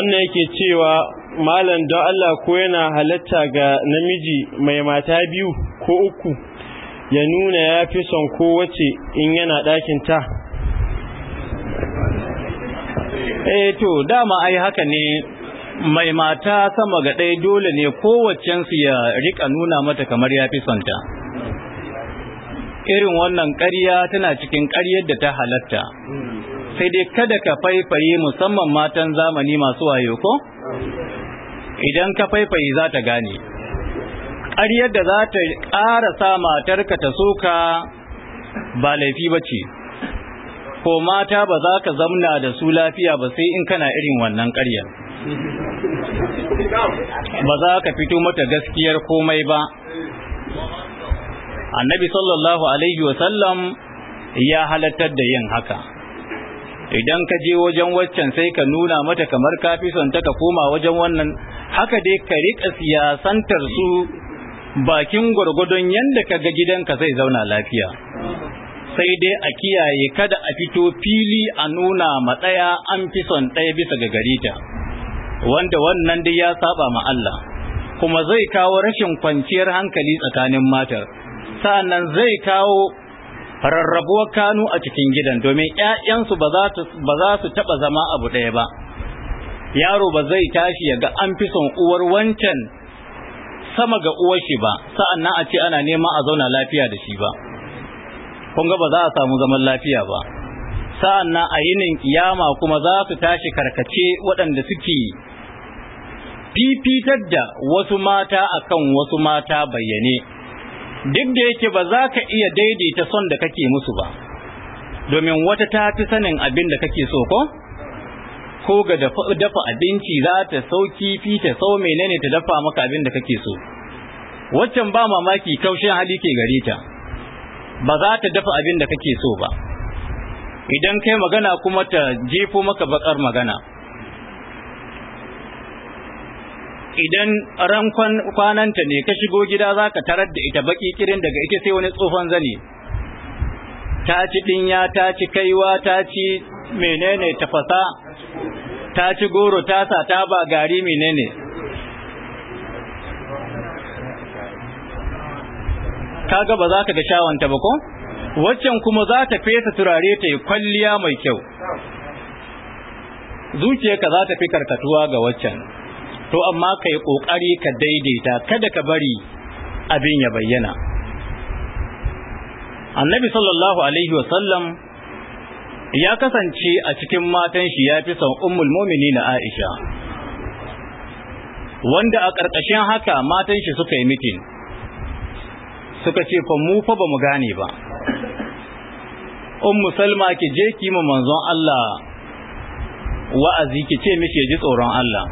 wannan yake cewa malam don Allah ko yana halatta ga namiji mai mata biyu ko uku ya nuna ya fi son kowace in yana ɗakinta eh to dama ai haka ne mai mata sama ga ɗaya dole ne kowaccensu ya rika nuna mata kamar ya fi sonta irin wannan ƙarya tana cikin ƙaryar da ta halatta sai dai kada ka faifaye musamman matan zamani masu wayo ko idan ka faifaye za ta gane ƙaryar da za ta ƙara sa matarka ta soka ba laifi ba ce ko mata ba za ka zamna da su lafiya ba sai in kana irin wannan ƙaryar ba za ka fito mata gaskiyar komai ba annabi sallallahu alaihi wasallam ya halattar da yin haka idan ka je wajen waccan sai ka nuna mata kamar ka fi son ta ka koma wajen wannan haka dai ka rika siyasantar su bakin gwargwadon yanda ka ga gidanka zai zauna lafiya sai dai a kiyaye kada a fito fili a nuna matsaya an fi son ɗaya bisa ga garita wanda wannan dai ya saba ma Allah kuma zai kawo rashin kwanciyar hankali tsakanin matar sa'annan zai kawo rarrabuwar kanu a cikin gidan domin 'ya'yansu ba za su taɓa zama abu ɗaya ba yaro ba zai tashi ya ga an fi son uwar wancan sama ga uwar shi ba sa'an na a ce ana nema a zauna lafiya da shi ba kun ga ba za a samu zaman lafiya ba sa'an nan a yi kiyama kuma za su tashi karkace waɗanda suke fifitar da wasu mata akan wasu mata bayyane duk da yake ba za ka iya daidaita son da kake musu ba domin wata ta fi sanin abin da kake so ko ko ga dafa abinci za ta sau kifi ta sau menene ta dafa maka abin da kake so waccan ba mamaki kaushin hali ke gare ta ba za ta dafa abin da kake so ba idan kai magana kuma ta jefo maka bakar magana idan ran kwananta ne ka shigo gida za ka tarar da ita baki kirin daga ita sai wani tsohon zane ta ci ɗinya ta ci kaiwa ta ci menene tafasa ta ci goro ta sa ta ba gari menene kaga ba za ka ga shawanta ba ko waccan kuma za ta fesa turare ta yi kwalliya mai kyau zuciyarka za ta fi karkatuwa ga waccan to amma ka yi ƙoƙari ka daidaita kada ka bari abin ya bayyana annabi sallallahu alaihi wasallam ya kasance a cikin matan shi ya fi son ummul Aisha wanda a ƙarƙashin haka matan shi suka yi mitin suka ce fa mu fa bamu gane ba ummu salma ki je ki ma manzon Allah wa'azi ki ce mishi ya ji tsoron Allah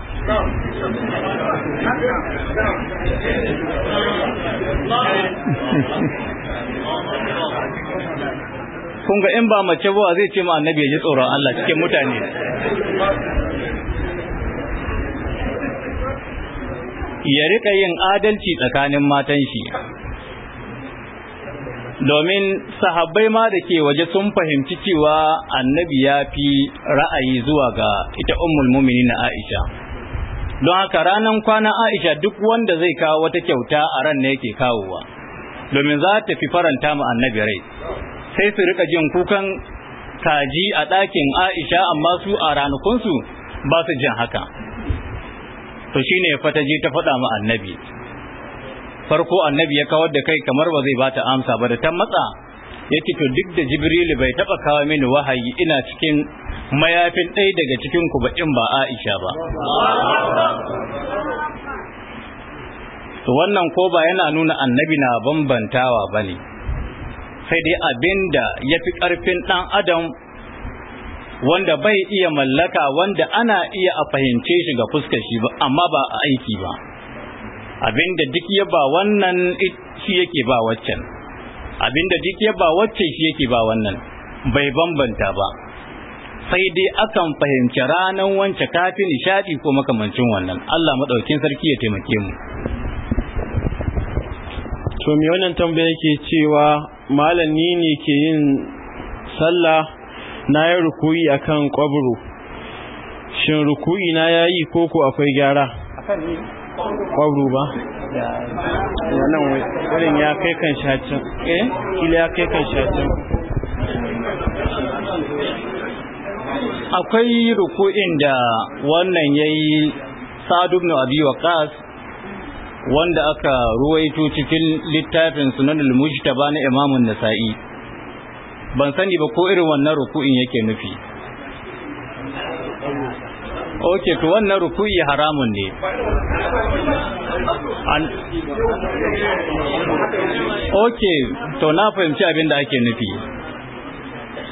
kun ga in ba mace ba zai ce ma annabi ya ji tsoron Allah cikin mutane ya rika yin adalci tsakanin matan shi domin sahabbai ma da ke waje sun fahimci cewa annabi ya fi ra'ayi zuwa ga ita ummul muminin Aisha don haka ranan kwana Aisha duk wanda zai kawo wata kyauta a ran ne yake kawowa domin za ta fi faranta mu annabi rai sai su rika jin kukan kaji a ɗakin Aisha amma su a su ba su jin haka to shine fataji ta faɗa mu annabi farko annabi ya kawar da kai kamar ba zai bata amsa ba da ta matsa yake to duk da Jibril bai taba kawo mini wahayi ina cikin mayafin ɗaya daga cikin ku ba in ba Aisha ba wannan ko ba yana nuna annabi na bambantawa bane sai dai abinda yafi karfin dan adam wanda bai iya mallaka wanda ana iya a fahimce shi ga fuskar shi ba amma ba a aiki ba abinda duk ya ba wannan shi yake ba waccan abinda duk ya ba wacce shi yake ba wannan bai bambanta ba sai dai akan fahimci ranan wance kafi nishadi ko makamancin wannan Allah madaukin sarki ya taimake mu to me wannan tambaya yake cewa malami ne ke yin sallah na yi rukuyi akan kwabro shin rukuyi na yayi ko ko akwai gyara kwabro ba wannan wurin ya kai kan shacin eh kila ya kai kan shacin akwai ruku'in da wannan ya yi ibn Abi Waqqas wanda aka ruwaito cikin littafin Sunan al ba na imamun nasai ban sani ba ko irin wannan ruku'in yake nufi Oke, to wannan rukuyi haramun ne. Oke, to na fahimci abin da ake nufi.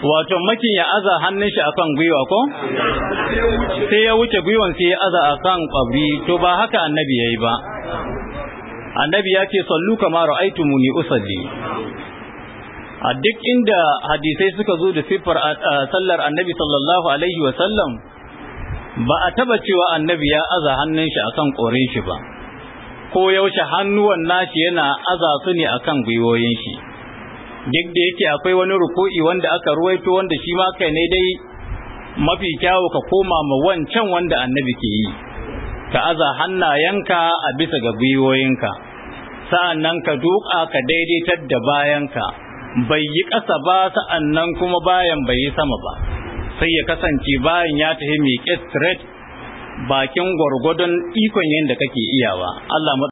wato makin ya aza hannun shi akan gwiwa ko sai ya wuce gwiwan sai ya aza akan kwabri to ba haka annabi yayi ba annabi ya ce sallu kama ra'aytumuni usalli a duk inda hadisai suka zo da siffar sallar annabi sallallahu alaihi wa sallam ba a taba cewa annabi ya aza hannun shi akan korin shi ba ko yaushe hannuwan nashi yana aza su ne akan gwiwoyin shi duk da yake akwai wani ruku'i wanda aka ruwaito wanda shi ma kai ne dai mafi kyawu ka koma ma wancan wanda annabi ke yi ka aza hannayenka a bisa ga gwiwoyinka sa'annan ka duka ka daidaitar da bayanka bai yi ƙasa ba sa'annan kuma bayan bai yi sama ba sai ya kasance bayan ya tafi mai straight bakin gwargwadon ikon yadda kake iyawa Allah